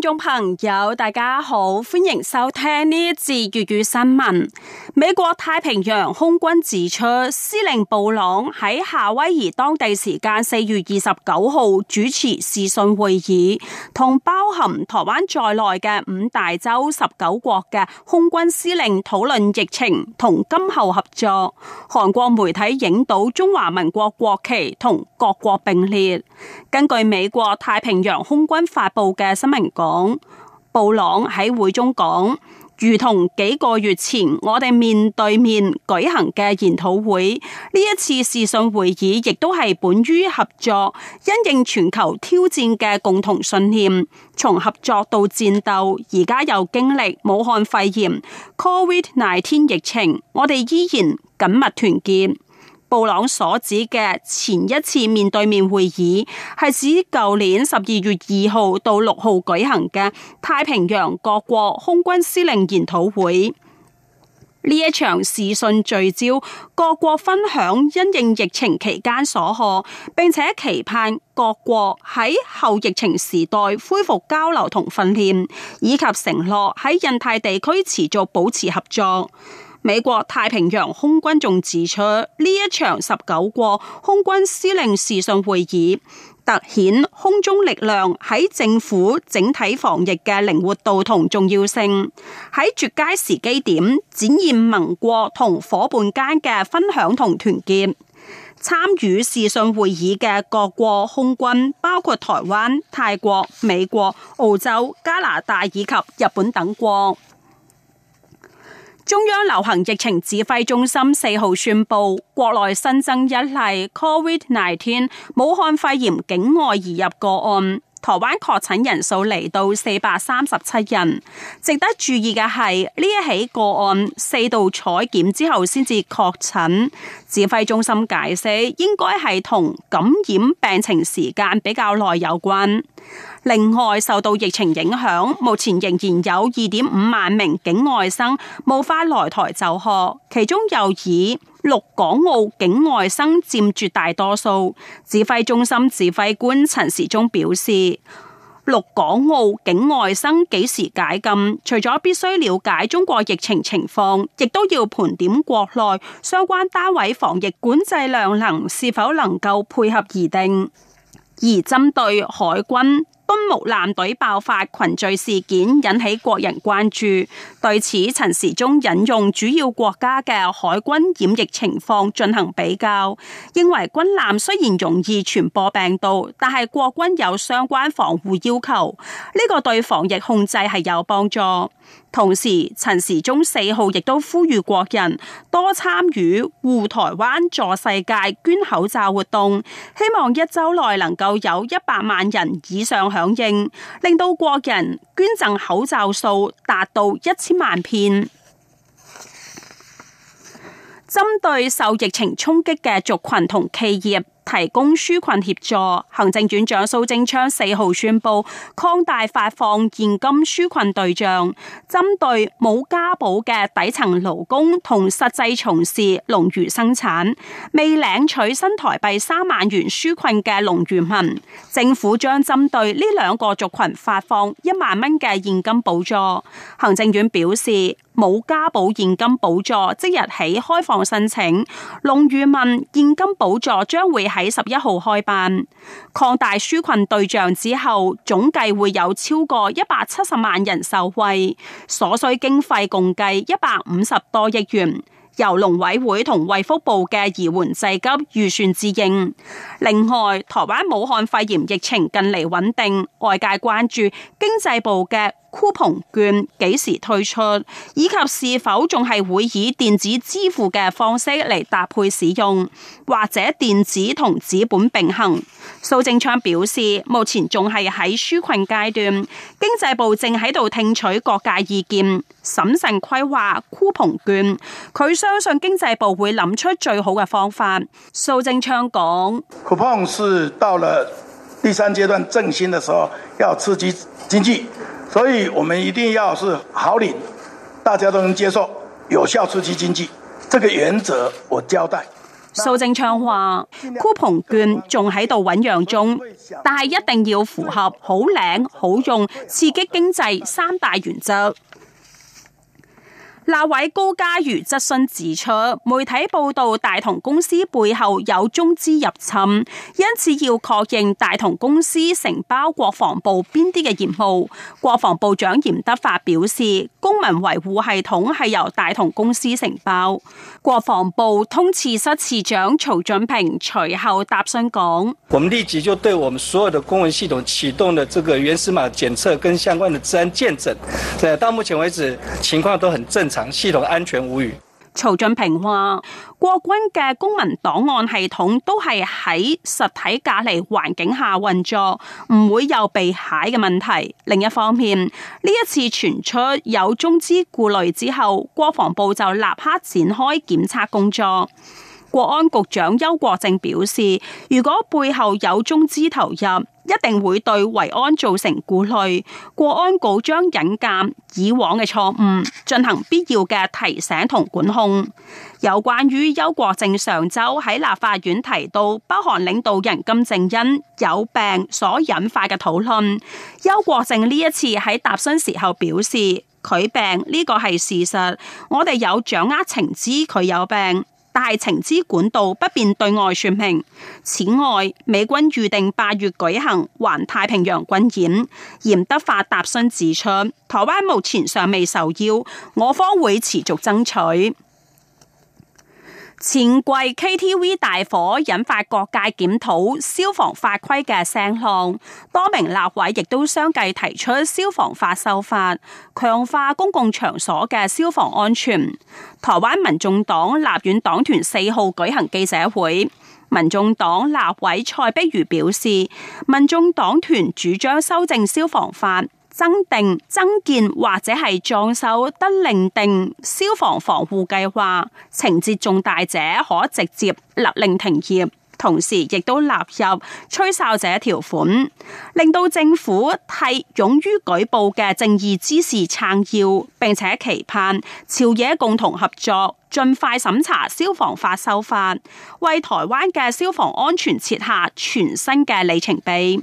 聽眾朋友，大家好，歡迎收聽呢一節粵語新聞。美國太平洋空軍指出，司令布朗喺夏威夷當地時間四月二十九號主持視訊會議，同包含台灣在內嘅五大洲十九國嘅空軍司令討論疫情同今後合作。韓國媒體影到中華民國國旗同各國並列。根據美國太平洋空軍發佈嘅新聞稿。布朗喺會中講，如同幾個月前我哋面對面舉行嘅研討會，呢一次視訊會議亦都係本於合作因應全球挑戰嘅共同信念。從合作到戰鬥，而家又經歷武漢肺炎、Covid-19 疫情，我哋依然緊密團結。布朗所指嘅前一次面對面會議，係指舊年十二月二號到六號舉行嘅太平洋各國空軍司令研討會。呢一場視訊聚焦，各國分享因應疫情期間所學，並且期盼各國喺後疫情時代恢復交流同訓練，以及承諾喺印太地區持續保持合作。美國太平洋空軍仲指出，呢一場十九國空軍司令視訊會議，凸顯空中力量喺政府整體防疫嘅靈活度同重要性，喺絕佳時機點展現盟國同伙伴間嘅分享同團結。參與視訊會議嘅各國空軍包括台灣、泰國、美國、澳洲、加拿大以及日本等國。中央流行疫情指揮中心四號宣布，國內新增一例 Covid-19 武漢肺炎境外移入個案，台灣確診人數嚟到四百三十七人。值得注意嘅係，呢一起個案四度採檢之後先至確診，指揮中心解釋應該係同感染病情時間比較耐有關。另外，受到疫情影響，目前仍然有二點五萬名境外生無法來台就學，其中又以陸港澳境外生佔絕大多數。指揮中心指揮官陳時中表示，陸港澳境外生幾時解禁，除咗必須了解中國疫情情況，亦都要盤點國內相關單位防疫管制量能是否能夠配合而定。而針對海軍敦睦艦隊爆發群聚事件引起國人關注，對此陳時中引用主要國家嘅海軍染疫情況進行比較，認為軍艦雖然容易傳播病毒，但係國軍有相關防護要求，呢、這個對防疫控制係有幫助。同時，陳時中四號亦都呼籲國人多參與護台灣、助世界捐口罩活動，希望一週內能夠有一百萬人以上響應，令到國人捐贈口罩數達到一千萬片。針對受疫情衝擊嘅族群同企業，提供紓困協助，行政院長蘇貞昌四號宣布擴大發放現金紓困對象，針對冇加保嘅底層勞工同實際從事農漁生產未領取新台幣三萬元紓困嘅農漁民，政府將針對呢兩個族群發放一萬蚊嘅現金補助。行政院表示，冇加保現金補助即日起開放申請，農漁民現金補助將會喺十一號開辦，擴大紓困對象之後，總計會有超過一百七十萬人受惠，所需經費共計一百五十多億元，由農委會同衛福部嘅移緩濟急預算支應。另外，台灣武漢肺炎疫情近嚟穩定，外界關注經濟部嘅箍 o 券幾時推出，以及是否仲係會以電子支付嘅方式嚟搭配使用，或者電子同紙本並行？蘇正昌表示，目前仲係喺書困階段，經濟部正喺度聽取各界意見，審慎規劃箍 o 券。佢相信經濟部會諗出最好嘅方法。蘇正昌講箍 o 是到了第三階段振興嘅時候，要刺激經濟。所以，我們一定要是好領，大家都能接受，有效刺激經濟，這個原則我交代。蘇貞昌話，酷碰券仲喺度醞釀中，但係一定要符合好領、好用、刺激經濟三大原則。那位高家瑜質詢指出，媒體報道大同公司背後有中資入侵，因此要確認大同公司承包國防部邊啲嘅業務。國防部長嚴德發表示，公文維護系統係由大同公司承包。國防部通次室次長曹俊平隨後答詢講：，我們立即就對我們所有的公文系統啟動嘅這個原始碼檢測跟相關的資安健診，誒，到目前為止情況都很正常。系統安全無虞。曹俊平話：國軍嘅公文檔案系統都係喺實體隔離環境下運作，唔會有被駭嘅問題。另一方面，呢一次傳出有中資顧慮之後，國防部就立刻展開檢測工作。國安局長邱國正表示，如果背後有中資投入，一定會對維安造成顧慮。國安局將引鑑以往嘅錯誤，進行必要嘅提醒同管控。有關於邱國正上周喺立法院提到北韓領導人金正恩有病所引發嘅討論，邱國正呢一次喺答詢時候表示，佢病呢個係事實，我哋有掌握情資，佢有病。大情之管道不便對外說明。此外，美軍預定八月舉行環太平洋軍演，嚴德發答詢指出，台灣目前尚未受邀，我方會持續爭取。前季 KTV 大火引發各界檢討消防法規嘅聲浪，多名立委亦都相繼提出消防法修法，強化公共場所嘅消防安全。台灣民眾黨立院黨團四號舉行記者會，民眾黨立委蔡碧如表示，民眾黨團主張修正消防法。增定、增建或者係裝修得另定消防防護計劃，情節重大者可直接勒令停業。同時亦都納入吹哨者一條款，令到政府替勇於舉報嘅正義之士撐腰，並且期盼朝野共同合作，盡快審查消防法修法，為台灣嘅消防安全設下全新嘅里程碑。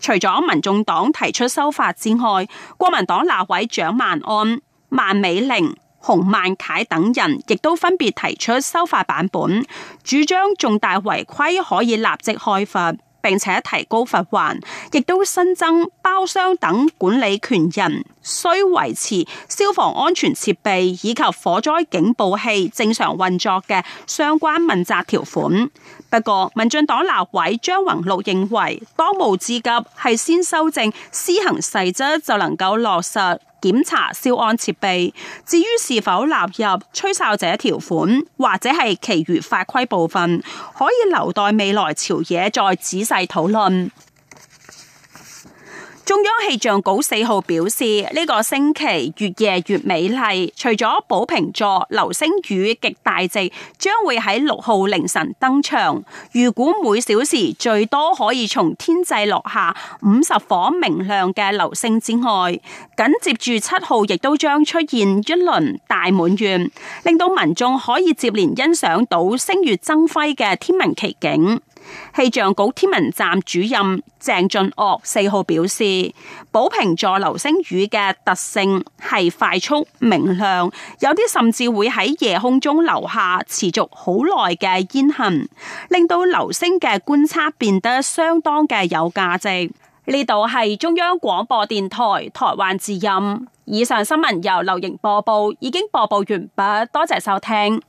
除咗民眾黨提出修法之外，國民黨立委蔣萬安、萬美玲、同洪孟楷等人亦都分別提出修法版本，主張重大違規可以立即開罰，並且提高罰鍰，亦都新增包商等管理權人。需維持消防安全設備以及火災警報器正常運作嘅相關問責條款。不過，民進黨立委張宏陸認為，當務之急係先修正施行細則，就能夠落實檢查消安設備。至於是否納入吹哨者條款或者係其餘法規部分，可以留待未來朝野再仔細討論。中央氣象局四號表示，呢個星期越夜越美麗，除咗寶瓶座流星雨極大值將會喺六號凌晨登場，預估每小時最多可以從天際落下五十顆明亮嘅流星之外，緊接住七號亦都將出現一輪大滿月，令到民眾可以接連欣賞到星月增輝嘅天文奇景。氣象局天文站主任鄭俊岳四號表示，寶瓶座流星雨嘅特性係快速明亮，有啲甚至會喺夜空中留下持續好耐嘅煙痕，令到流星嘅觀測變得相當嘅有價值。呢度係中央廣播電台台灣之音。以上新聞由流瑩播報，已經播報完畢，多謝收聽。